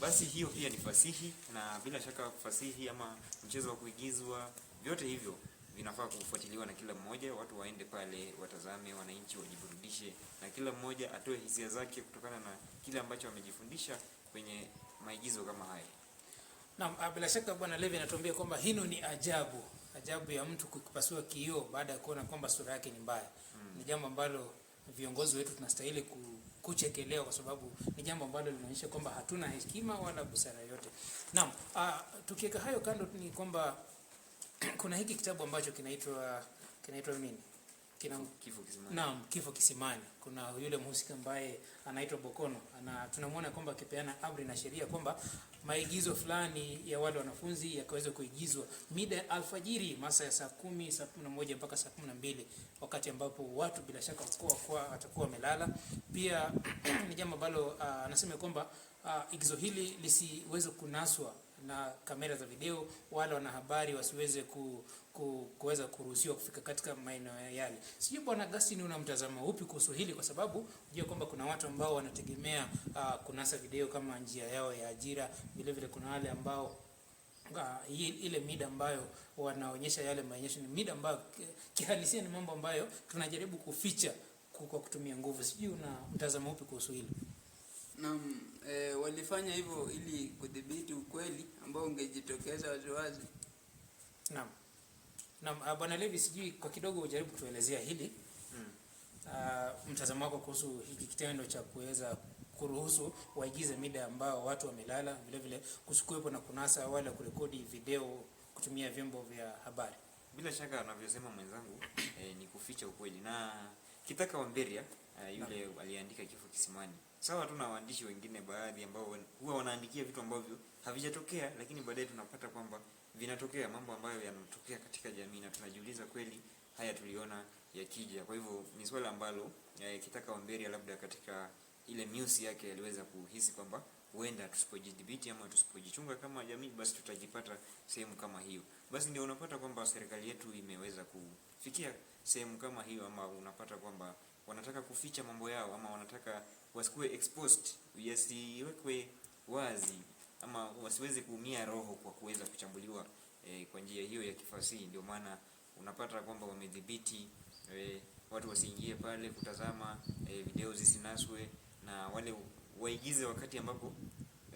Basi hiyo pia ni fasihi, na bila shaka fasihi ama mchezo wa kuigizwa, vyote hivyo vinafaa kufuatiliwa na kila mmoja. Watu waende pale, watazame, wananchi wajiburudishe, na kila mmoja atoe hisia zake kutokana na kile ambacho amejifundisha kwenye maigizo kama haya. Naam, ah, bila shaka Bwana Levi anatuambia kwamba hino ni ajabu, ajabu ya mtu kukipasua kioo baada ya kuona kwamba sura yake ni mbaya. hmm. Ni jambo ambalo viongozi wetu tunastahili ku kuchekelewa, kwa sababu ni jambo ambalo linaonyesha kwamba hatuna hekima wala busara yote. Naam, ah, tukiweka hayo kando, ni kwamba kuna hiki kitabu ambacho kinaitwa kinaitwa nini? Kina, kifo kisimani. Naam, kifo kisimani. Kuna yule mhusika ambaye anaitwa Bokono ana, tunamwona kwamba akipeana amri na sheria kwamba maigizo fulani ya wale wanafunzi yakaweza kuigizwa mida ya alfajiri, masa ya saa kumi, saa kumi na moja mpaka saa kumi na mbili wakati ambapo watu bila shaka watakuwa wamelala. Pia ni jambo ambalo anasema ah, kwamba ah, igizo hili lisiweze kunaswa na kamera za video, wala wanahabari wasiweze ku, ku, kuweza kuruhusiwa kufika katika maeneo yale. Sijui Bwana Agustine, una mtazamo upi kuhusu hili, kwa sababu unajua kwamba kuna watu ambao wanategemea uh, kunasa video kama njia yao ya ajira. Vilevile kuna wale ambao Uh, ile mida ambayo wanaonyesha yale maonyesho ni mida ambayo kihalisia ni mambo ambayo tunajaribu kuficha kwa kutumia nguvu. Sijui una mtazamo upi kuhusu hilo? Naam, e, walifanya hivyo ili kudhibiti ukweli ambao ungejitokeza waziwazi. Naam. Naam, ah, Bwana Levi, sijui kwa kidogo ujaribu kutuelezea hili mm. Uh, mtazamo wako kuhusu hiki kitendo cha kuweza kuruhusu waigize mida ambao watu wamelala, vile vile kusikuwepo na kunasa wala kurekodi video kutumia vyombo vya habari. Bila shaka anavyosema mwenzangu eh, ni kuficha ukweli na Kitaka Wamberia eh, yule aliandika Kifo Kisimani sawa tu na waandishi wengine baadhi ambao huwa wanaandikia vitu ambavyo havijatokea, lakini baadaye tunapata kwamba vinatokea, mambo ambayo yanatokea katika jamii, na tunajiuliza kweli haya tuliona yakija. Kwa hivyo ni swala ambalo eh, Kitaka Wamberia labda katika ile news yake aliweza kuhisi kwamba huenda tusipojidhibiti ama tusipojichunga kama jamii, basi tutajipata sehemu kama hiyo. Basi ndio unapata kwamba serikali yetu imeweza kufikia sehemu kama hiyo, ama unapata kwamba wanataka kuficha mambo yao ama wanataka wasikuwe exposed, yasiwekwe wazi ama wasiweze kuumia roho kwa kuweza kuchambuliwa e, kwa njia hiyo ya kifasihi. Ndio maana unapata kwamba wamedhibiti e, watu wasiingie pale kutazama e, video zisinaswe na wale waigize wakati ambapo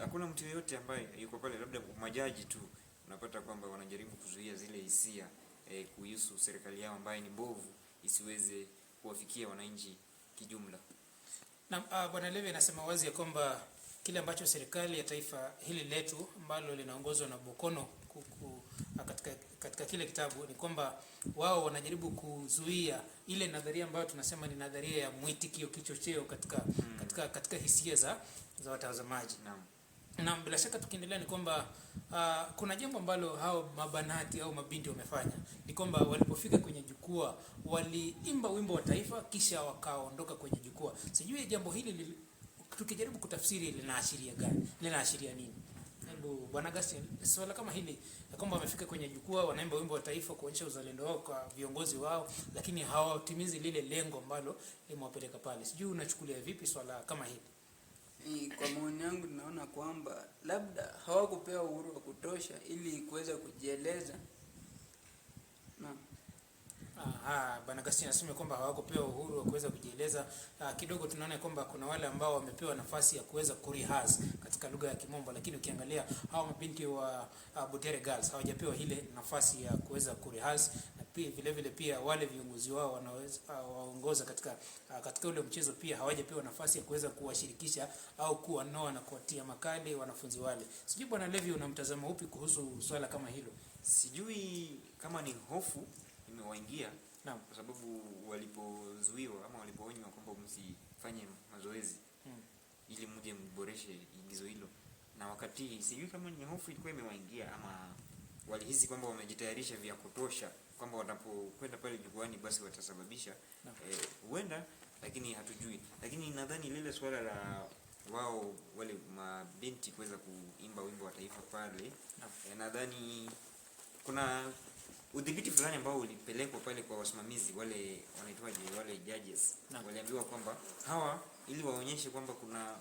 hakuna mtu yeyote ambaye yuko pale, labda majaji tu. Unapata kwamba wanajaribu kuzuia zile hisia e, kuhusu serikali yao ambayo ni mbovu isiweze kuwafikia wananchi kijumla. Na uh, Bwana Levi anasema wazi ya kwamba kile ambacho serikali ya taifa hili letu ambalo linaongozwa na Bokono kuku, ah, katika, katika kile kitabu ni kwamba wao wanajaribu kuzuia ile nadharia ambayo tunasema ni nadharia ya mwitikio kichocheo katika, hmm. katika, katika hisia za, za watazamaji. Naam. Na bila shaka tukiendelea ni kwamba uh, kuna jambo ambalo hao mabanati au mabinti wamefanya ni kwamba walipofika kwenye jukwaa waliimba wimbo wa taifa kisha wakaondoka kwenye jukwaa. Sijui jambo hili li, tukijaribu kutafsiri linaashiria gani, linaashiria nini? Hebu Bwana Gaston, swala kama hili ya kwamba wamefika kwenye jukwaa wanaimba wimbo wa taifa kuonyesha uzalendo wao kwa viongozi wao, lakini hawatimizi lile lengo ambalo limewapeleka pale. Sijui unachukulia vipi swala kama hili? kwa maoni yangu tunaona kwamba labda hawakupewa uhuru wa kutosha ili kuweza kujieleza Naam. Aha, ah, Bwana Agustino anasema kwamba hawakupewa uhuru wa kuweza kujieleza. Ah, kidogo tunaona kwamba kuna wale ambao wamepewa nafasi ya kuweza kurihas katika lugha ya Kimombo, lakini ukiangalia hawa mabinti wa uh, Butere Girls hawajapewa ile nafasi ya kuweza kurihas na pia vile vile pia wale viongozi wao wanaweza uh, waongoza katika uh, katika ule mchezo pia hawajapewa nafasi ya kuweza kuwashirikisha au kuwanoa na kuwatia makali wanafunzi wale. Sijui Bwana Levi, unamtazama upi kuhusu swala kama hilo? Sijui kama ni hofu imewaingia kwa sababu walipozuiwa ama walipoonywa kwamba msifanye mazoezi hmm, ili mje mboreshe igizo hilo, na wakati sijui kama ni hofu ilikuwa imewaingia ama walihisi kwamba wamejitayarisha vya kutosha kwamba wanapokwenda pale jukwani basi watasababisha eh, huenda eh, lakini hatujui. Lakini nadhani lile swala la wao wale mabinti kuweza kuimba wimbo wa taifa pale, eh, nadhani kuna udhibiti fulani ambao ulipelekwa pale kwa wasimamizi wale wanaitwaje, wale judges na. waliambiwa kwamba hawa, ili waonyeshe kwamba kuna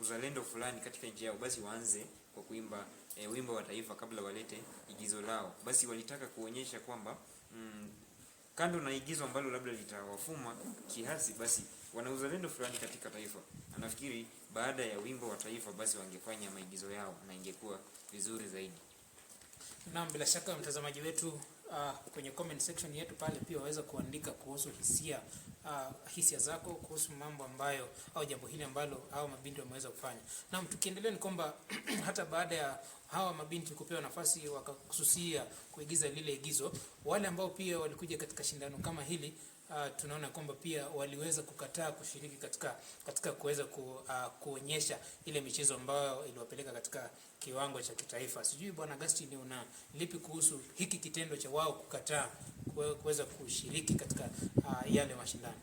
uzalendo fulani katika nchi yao, basi waanze kwa kuimba e, wimbo wa taifa kabla walete igizo lao. Basi walitaka kuonyesha kwamba mm, kando na igizo ambalo labda litawafuma kiasi, basi wana uzalendo fulani katika taifa. Anafikiri baada ya wimbo wa taifa, basi wangefanya maigizo yao na ingekuwa vizuri zaidi. Naam, bila shaka mtazamaji wetu uh, kwenye comment section yetu pale pia waweza kuandika kuhusu hisia uh, hisia zako kuhusu mambo ambayo au jambo hili ambalo hawa mabinti wameweza kufanya. Na tukiendelea ni kwamba hata baada ya hawa mabinti kupewa nafasi wakasusia kuigiza lile igizo, wale ambao pia walikuja katika shindano kama hili uh, tunaona kwamba pia waliweza kukataa kushiriki katika katika kuweza ku, uh, kuonyesha ile michezo ambayo iliwapeleka katika kiwango cha kitaifa. Sijui Bwana Agustine una lipi kuhusu hiki kitendo cha wao kukataa kuweza kushiriki katika uh, yale mashindano?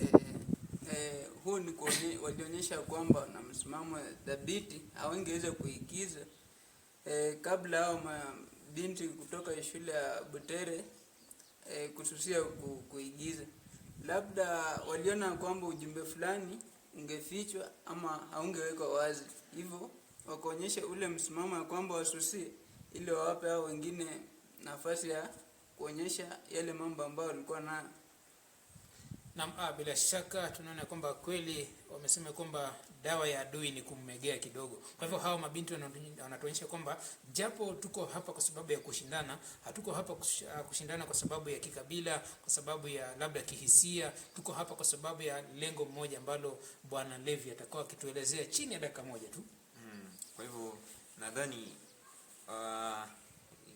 Eh, eh, eh huu ni walionyesha kwamba na msimamo dhabiti hawangeweza kuigiza eh, kabla hao mabinti kutoka shule ya Butere eh, kususia ku, kuigiza. Labda waliona kwamba ujumbe fulani ungefichwa ama haungewekwa wazi, hivyo wakaonyesha ule msimamo ya kwamba wasusie ili wawape hao wengine nafasi ya kuonyesha yale mambo ambayo walikuwa nayo. Na ah, bila shaka tunaona kwamba kweli wamesema kwamba dawa ya adui ni kummegea kidogo. Kwa hivyo hawa mabinti wanatuonyesha kwamba japo tuko hapa kwa sababu ya kushindana, hatuko hapa ah, kushindana kwa sababu ya kikabila, kwa sababu ya labda kihisia, tuko hapa kwa sababu ya lengo moja ambalo Bwana Levi atakuwa akituelezea chini ya dakika moja tu. Mm. Kwa hivyo nadhani uh,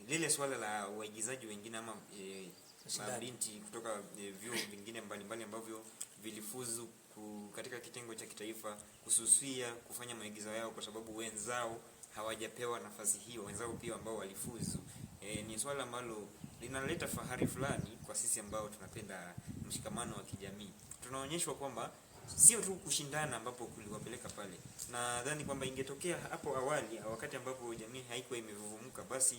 lile swala la waigizaji wengine ama e, na binti kutoka e, vyuo vingine mbalimbali ambavyo vilifuzu ku, katika kitengo cha kitaifa kususia kufanya maigizo yao kwa sababu wenzao hawajapewa nafasi hiyo, wenzao pia ambao walifuzu. E, ni swala ambalo linaleta fahari fulani kwa sisi ambao tunapenda mshikamano wa kijamii. Tunaonyeshwa kwamba sio tu kushindana ambapo kuliwapeleka pale. Nadhani kwamba ingetokea hapo awali, wakati ambapo jamii haikuwa imevuvumuka, basi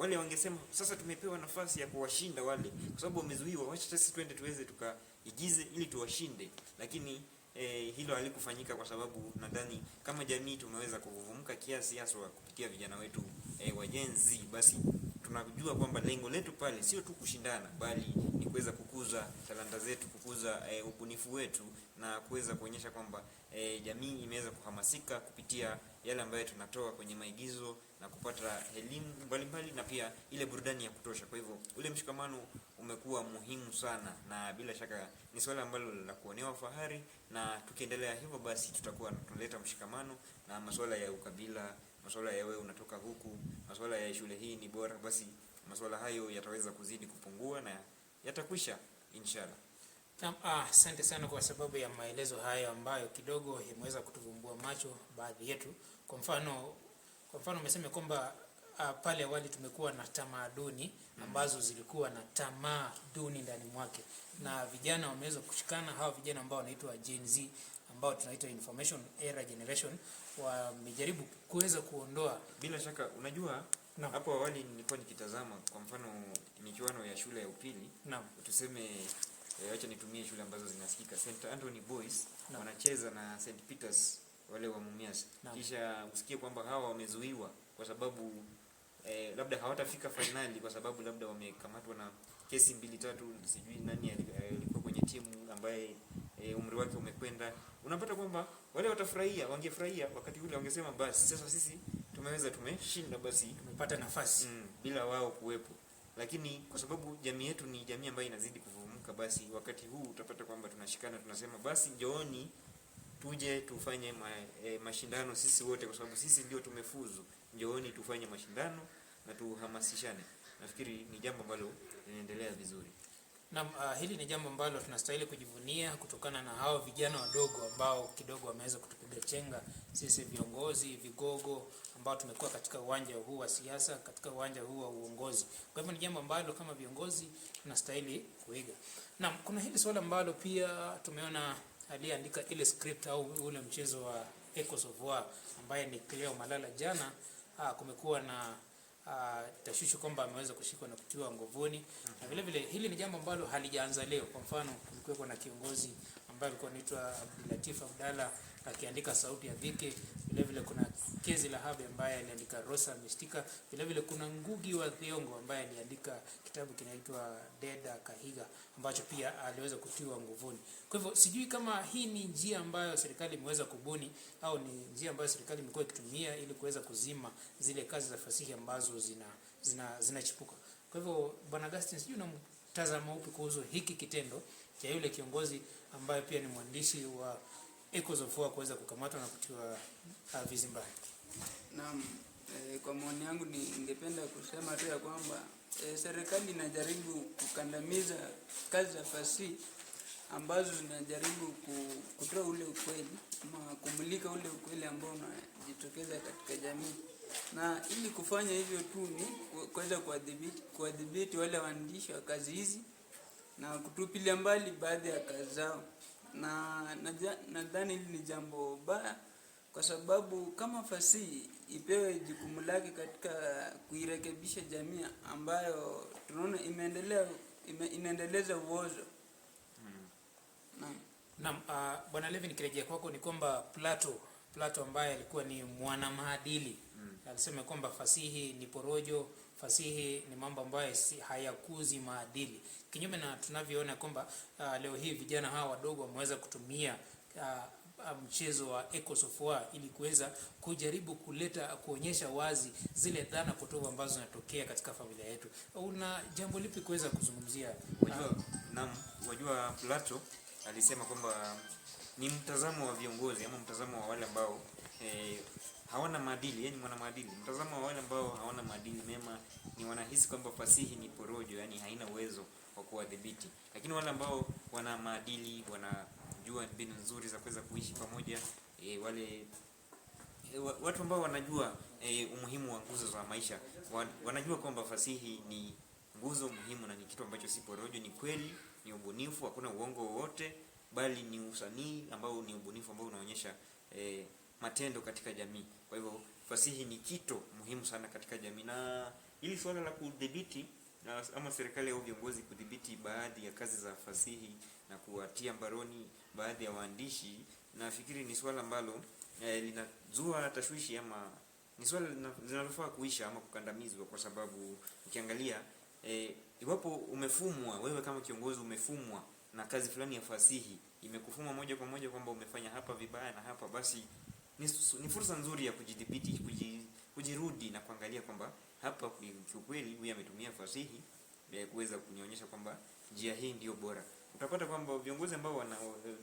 wale wangesema sasa tumepewa nafasi ya kuwashinda wale, kwa sababu wamezuiwa, wacha sisi twende tuweze tukaigize ili tuwashinde, lakini eh, hilo halikufanyika kwa sababu nadhani kama jamii tumeweza kuvuvumka kiasi, haswa kupitia vijana wetu eh, wajenzi. Basi tunajua kwamba lengo letu pale sio tu kushindana, bali ni kuweza kukuza talanta zetu, kukuza eh, ubunifu wetu na kuweza kuonyesha kwamba eh, jamii imeweza kuhamasika kupitia yale ambayo tunatoa kwenye maigizo na kupata elimu mbalimbali na pia ile burudani ya kutosha. Kwa hivyo ule mshikamano umekuwa muhimu sana, na bila shaka ni swala ambalo la kuonewa fahari, na tukiendelea hivyo basi tutakuwa tunaleta mshikamano na masuala ya ukabila, masuala ya wewe unatoka huku, masuala ya shule hii ni bora, basi masuala hayo yataweza kuzidi kupungua na yatakwisha inshallah. Ah, asante ah, sana kwa sababu ya maelezo hayo ambayo kidogo yameweza kutuvumbua macho baadhi yetu. Kwa mfano, kwa mfano umesema kwamba ah, pale awali tumekuwa na tamaduni ambazo zilikuwa na tamaa duni ndani mwake, na vijana wameweza kushikana, hawa vijana ambao wanaitwa Gen Z ambao tunaita information era generation, wamejaribu kuweza kuondoa. Bila shaka unajua Naam. Hapo awali nilikuwa nikitazama kwa mfano michuano ya shule ya upili, tuseme Eh, acha nitumie shule ambazo zinasikika. St Anthony Boys no. wanacheza na St Peters wale wa Mumias no. kisha usikie kwamba hawa wamezuiwa kwa sababu eh, labda hawatafika finali kwa sababu labda wamekamatwa na kesi mbili tatu, sijui nani eh, alikuwa kwenye timu ambaye e, umri wake umekwenda. Unapata kwamba wale watafurahia, wangefurahia wakati ule, wangesema basi sasa sisi tumeweza, tumeshinda, basi tumepata nafasi mm, bila wao kuwepo, lakini kwa sababu jamii yetu ni jamii ambayo inazidi kuvumilia mwaka, basi wakati huu utapata kwamba tunashikana, tunasema basi jooni tuje tufanye ma, e, mashindano sisi wote, kwa sababu sisi ndio tumefuzu. Njooni tufanye mashindano na tuhamasishane. Nafikiri ni jambo ambalo linaendelea vizuri. Na uh, ah, hili ni jambo ambalo tunastahili kujivunia kutokana na hao vijana wadogo ambao kidogo wameweza kutupiga chenga sisi viongozi, vigogo ambao tumekuwa katika uwanja huu wa siasa, katika uwanja huu wa uongozi. Kwa hivyo ni jambo ambalo kama viongozi tunastahili kuiga. Na kuna hili swala ambalo pia tumeona aliyeandika ile script au ule mchezo wa Echoes of War ambaye ni Cleo Malala jana, aa, ah, kumekuwa na aa, ah, tashwishi kwamba ameweza kushikwa na kutiwa nguvuni. Na vile vile hili ni jambo ambalo halijaanza leo. Kwa mfano, kulikuwa na kiongozi ambaye alikuwa anaitwa Abdulatif Abdalla akiandika sauti ya dhiki. Vile vile kuna Kezi Lahabi ambaye aliandika Rosa Mistika. Vile vile kuna Ngugi wa Thiongo ambaye aliandika kitabu kinaitwa Deda Kahiga ambacho pia aliweza kutiwa nguvuni. Kwa hivyo sijui kama hii ni njia ambayo serikali imeweza kubuni au ni njia ambayo serikali imekuwa ikitumia ili kuweza kuzima zile kazi za fasihi ambazo zina zina zinachipuka. Kwa hivyo Bwana Augustine, sijui unamtazama upi kuhusu hiki kitendo cha yule kiongozi ambaye pia ni mwandishi wa Echoes of War kuweza kukamatwa na kutiwa ah, vizimbani. Naam, e, kwa maoni yangu ningependa kusema tu ya kwamba e, serikali inajaribu kukandamiza kazi za fasihi ambazo zinajaribu kutoa ule ukweli ama kumulika ule ukweli ambao unajitokeza katika jamii, na ili kufanya hivyo tu ni kuweza kuadhibiti wale waandishi wa kazi hizi na kutupilia mbali baadhi ya kazi zao, na nadhani hili ni jambo baya, kwa sababu kama fasihi ipewe jukumu lake katika kuirekebisha jamii ambayo tunaona imeendelea ime, inaendeleza uozo hmm. Naam, uh, Bwana Levi nikirejea kwako ni kwamba Plato Plato ambaye alikuwa ni mwanamaadili alisema kwamba fasihi ni porojo, fasihi ni mambo ambayo hayakuzi maadili, kinyume na tunavyoona kwamba uh, leo hii vijana hawa wadogo wameweza kutumia uh, mchezo wa Echoes ili kuweza kujaribu kuleta kuonyesha wazi zile dhana potovu ambazo zinatokea katika familia yetu. Una jambo lipi kuweza kuzungumzia? Wajua, naam, Plato alisema kwamba ni mtazamo wa viongozi ama mtazamo wa wale ambao eh, hawana maadili, yani mwana maadili. Mtazamo wa wale ambao hawana maadili mema ni wanahisi kwamba fasihi ni porojo, yani haina uwezo wa kuwadhibiti. Lakini wale ambao wana maadili, wanajua mbinu nzuri za kuweza kuishi pamoja, e, wale e, watu ambao wanajua e, umuhimu wa nguzo za maisha wanajua kwamba fasihi ni nguzo muhimu na ni kitu ambacho si porojo, ni kweli, ni ubunifu, hakuna uongo wowote, bali ni usanii ambao ni ubunifu ambao unaonyesha e, matendo katika jamii. Kwa hivyo fasihi ni kito muhimu sana katika jamii, na ili suala la kudhibiti ama serikali au viongozi kudhibiti baadhi ya kazi za fasihi na kuwatia mbaroni baadhi ya waandishi, nafikiri ni swala ambalo eh, linazua tashwishi ama ni swala linalofaa kuisha ama kukandamizwa, kwa sababu ukiangalia eh, iwapo umefumwa wewe kama kiongozi, umefumwa na kazi fulani ya fasihi, imekufuma moja kwa moja kwamba umefanya hapa vibaya na hapa basi ni fursa nzuri ya kujidhibiti, kujirudi na kuangalia kwamba hapa kiukweli huyu ametumia fasihi ya kuweza kunionyesha kwamba njia hii ndio bora. Utapata kwamba viongozi ambao wana,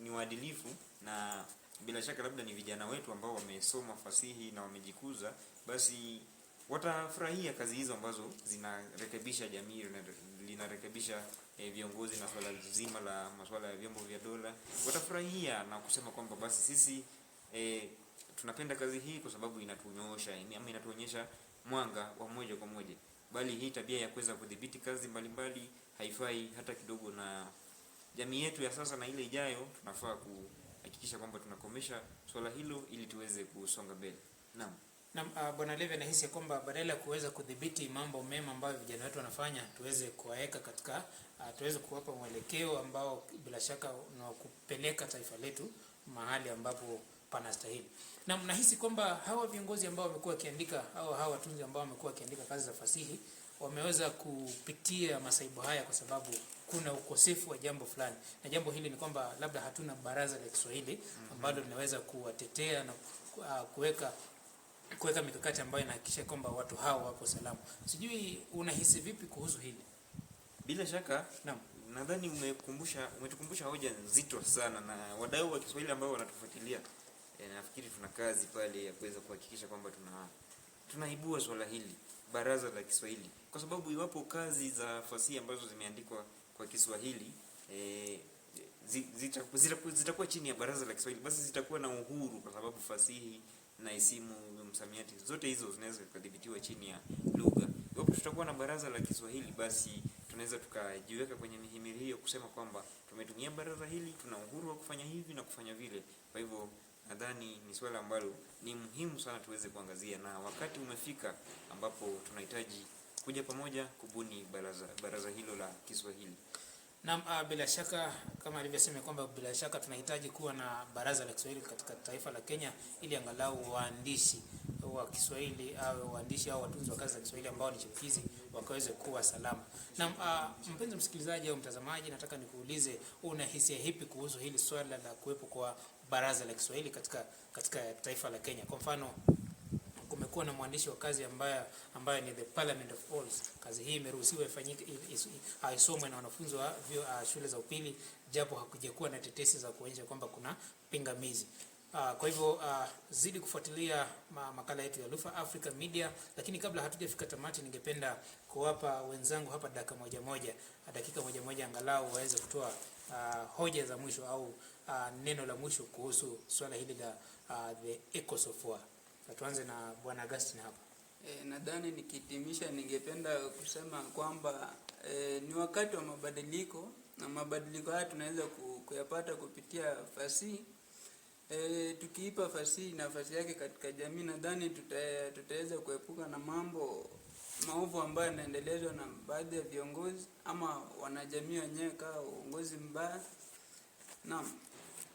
ni waadilifu na bila shaka labda ni vijana wetu ambao wamesoma fasihi na wamejikuza, basi watafurahia kazi hizo ambazo zinarekebisha jamii, linarekebisha e, viongozi na swala zima la masuala ya vyombo vya dola, watafurahia na kusema kwamba basi sisi e, tunapenda kazi hii kwa sababu inatunyoosha, ama inatuonyesha mwanga wa moja kwa moja, bali hii tabia ya kuweza kudhibiti kazi mbalimbali haifai hata kidogo. Na jamii yetu ya sasa na ile ijayo, tunafaa kuhakikisha kwamba tunakomesha swala hilo ili tuweze kusonga mbele. Naam. Na, ah, Bwana Levi nahisi kwamba badala ya kuweza kudhibiti mambo mema ambayo vijana wetu wanafanya, tuweze kuwaweka katika uh, tuweze kuwapa mwelekeo ambao bila shaka unakupeleka taifa letu mahali ambapo panastahili. Na mnahisi kwamba hawa viongozi ambao wamekuwa wakiandika au hawa watunzi ambao wamekuwa wakiandika kazi za fasihi wameweza kupitia masaibu haya kwa sababu kuna ukosefu wa jambo fulani, na jambo hili ni kwamba labda hatuna baraza la Kiswahili mhm. ambalo linaweza kuwatetea na kuweka kuweka mikakati ambayo inahakikisha kwamba watu hao wako salama. Sijui unahisi vipi kuhusu hili? Bila shaka naam, nadhani umekumbusha umetukumbusha hoja nzito sana na wadau wa Kiswahili ambao wanatufuatilia E, nafikiri tuna kazi pale ya kuweza kuhakikisha kwamba tuna tunaibua swala hili baraza la Kiswahili, kwa sababu iwapo kazi za fasihi ambazo zimeandikwa kwa Kiswahili e, zitakuwa zita, zita, zita chini ya baraza la Kiswahili, basi zitakuwa na uhuru, kwa sababu fasihi na isimu msamiati zote hizo zinaweza kudhibitiwa chini ya lugha. Iwapo tutakuwa na baraza la Kiswahili, basi tunaweza tukajiweka kwenye mihimili hiyo kusema kwamba tumetumia baraza hili, tuna uhuru wa kufanya hivi na kufanya vile. Kwa hivyo nadhani ni swala ambalo ni muhimu sana tuweze kuangazia, na wakati umefika ambapo tunahitaji kuja pamoja kubuni baraza, baraza hilo la Kiswahili. Naam, uh, bila shaka kama alivyosema kwamba bila shaka tunahitaji kuwa na baraza la Kiswahili katika taifa la Kenya ili angalau waandishi wa Kiswahili au waandishi au watunzi wa kazi za Kiswahili ambao ni chipukizi wakaweze kuwa salama. Naam, uh, mpenzi msikilizaji au mtazamaji, nataka nikuulize una hisia hipi kuhusu hili swala la kuwepo kwa baraza la Kiswahili katika, katika taifa la Kenya. Kwa mfano kumekuwa na mwandishi wa kazi ambayo, ambayo ni the Parliament of Alls. Kazi hii imeruhusiwa ifanyike aisomwe na wanafunzi wa vyo ah, shule za upili, japo hakujakuwa na tetesi za kuonyesha kwamba kuna pingamizi. Uh, kwa hivyo uh, zidi kufuatilia makala yetu ya Lufa Africa Media, lakini kabla hatujafika tamati, ningependa kuwapa wenzangu hapa dakika moja moja, dakika moja moja angalau waweze kutoa uh, hoja za mwisho au uh, neno la mwisho kuhusu swala hili la uh, the echoes of war. Tuanze na Bwana Augustine hapa. E, nadhani nikihitimisha, ningependa kusema kwamba e, ni wakati wa mabadiliko na mabadiliko haya tunaweza kuyapata kupitia fasihi e, tukiipa fasihi nafasi yake katika jamii, nadhani tutaweza kuepuka na mambo maovu ambayo yanaendelezwa na baadhi ya viongozi ama wanajamii wenyewe kaa uongozi mbaya. Naam.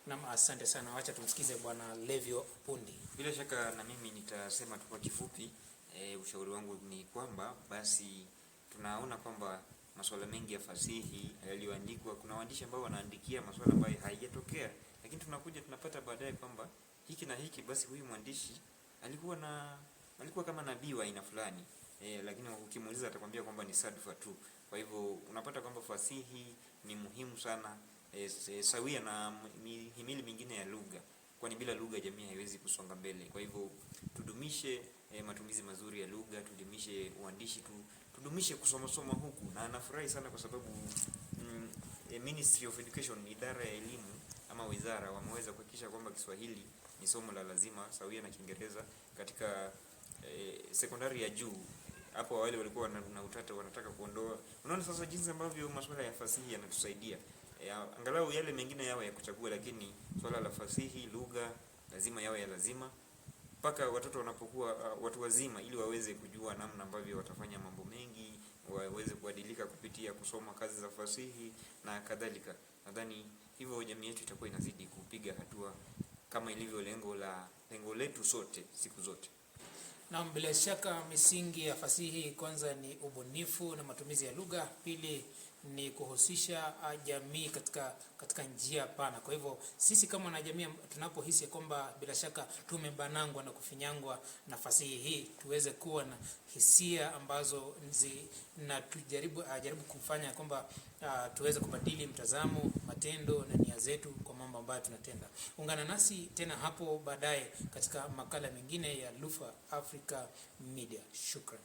Naam, asante sana. Wacha tumsikize Bwana Levio Pundi. Bila shaka na mimi nitasema tu kwa kifupi. E, ushauri wangu ni kwamba basi tunaona kwamba masuala mengi ya fasihi yaliyoandikwa, kuna waandishi ambao wanaandikia masuala ambayo haijatokea, lakini tunakuja tunapata baadaye kwamba hiki na hiki, basi huyu mwandishi alikuwa na alikuwa kama nabii wa aina fulani e, lakini ukimuuliza atakwambia kwamba ni sadfa tu. Kwa hivyo unapata kwamba fasihi ni muhimu sana e, sawia na mihimili mingine ya lugha, kwani bila lugha jamii haiwezi kusonga mbele. Kwa hivyo tudumishe e, matumizi mazuri ya lugha, tudumishe uandishi tu, tudumishe kusoma soma huku, na nafurahi sana kwa sababu mm, e, Ministry of Education, idara ya elimu ama wizara, wameweza kuhakikisha kwamba Kiswahili ni somo la lazima sawia na Kiingereza katika e, sekondari ya juu hapo awali walikuwa na utata, wanataka kuondoa. Unaona sasa jinsi ambavyo masuala ya fasihi yanatusaidia ya, angalau yale mengine yawe ya kuchagua, lakini swala la fasihi, lugha lazima yawe ya lazima mpaka watoto wanapokuwa uh, watu wazima, ili waweze kujua namna ambavyo watafanya mambo mengi, waweze kubadilika kupitia kusoma kazi za fasihi na kadhalika. Nadhani hivyo jamii yetu itakuwa inazidi kupiga hatua kama ilivyo lengo la lengo letu sote siku zote. Na bila shaka misingi ya fasihi kwanza ni ubunifu na matumizi ya lugha, pili ni kuhusisha ah, jamii katika katika njia pana. Kwa hivyo sisi kama wanajamii tunapohisi kwamba bila shaka tumebanangwa na kufinyangwa nafasi hii, tuweze kuwa na hisia ambazo nzi, na tujaribu ajaribu kufanya kwamba ah, tuweze kubadili mtazamo, matendo na nia zetu kwa mambo ambayo tunatenda. Ungana nasi tena hapo baadaye katika makala mengine ya Lufa Africa Media. Shukran.